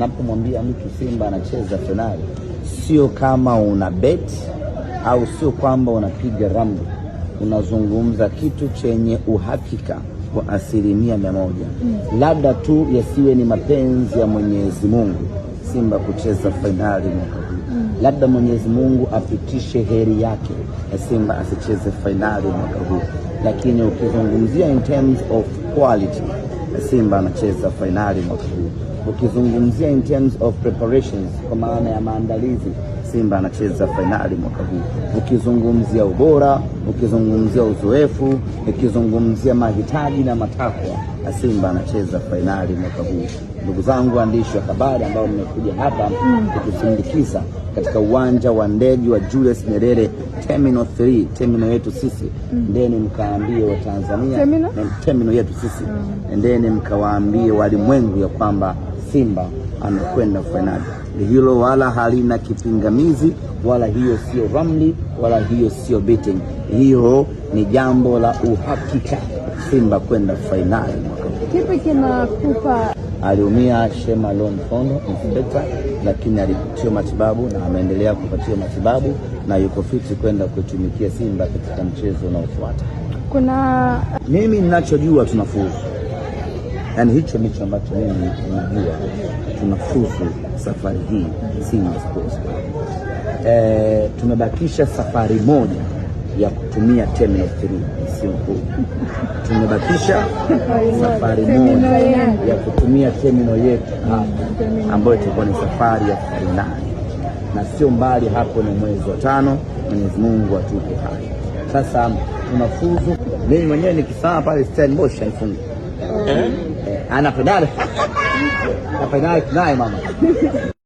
Unapomwambia mtu Simba anacheza fainali, sio kama una bet au sio kwamba unapiga rambu, unazungumza kitu chenye uhakika kwa asilimia mia moja. Mm. Labda tu yasiwe ni mapenzi ya Mwenyezi Mungu Simba kucheza fainali mwaka huu. Mm. Labda Mwenyezi Mungu apitishe heri yake ya Simba asicheze fainali mwaka huu, lakini ukizungumzia in terms of quality Simba anacheza fainali mwaka huu ukizungumzia in terms of preparations, kwa maana ya maandalizi Simba anacheza fainali mwaka huu. Ukizungumzia ubora, ukizungumzia uzoefu, ukizungumzia mahitaji na matakwa, Simba anacheza fainali mwaka huu. Ndugu zangu waandishi wa habari ambao mmekuja hapa kutusindikiza katika uwanja wa ndege wa Julius Nyerere terminal 3, terminal yetu sisi, endeni mkaambie Watanzania na terminal yetu sisi, mm. endeni mkawaambie walimwengu ya kwamba Simba amekwenda fainali. Hilo wala halina kipingamizi, wala hiyo sio ramli, wala hiyo sio betting. Hiyo ni jambo la uhakika, Simba kwenda fainali mwaka huu. Kipi kinakupa? Aliumia Shema Lonfono inspekta, lakini alipatiwa matibabu na ameendelea kupatiwa matibabu na yuko fiti kwenda kuitumikia Simba katika mchezo unaofuata. Kuna mimi ninachojua tunafuzu Yani hicho ndicho ambacho mimi najua tunafuzu safari hii Simba Sports Club. E, tumebakisha safari moja ya kutumia terminal 3 Isiungu. Tumebakisha safari moja ya kutumia terminal yetu hapa ambayo itakuwa ni safari ya fainali, na sio mbali hapo, ni mwezi wa tano. Mwenyezi Mungu atupe hapo. Sasa tunafuzu, mimi mwenyewe nikisimama pale Stellenbosch haifungi إيه؟ انا في دارك انا في دارك نايم ماما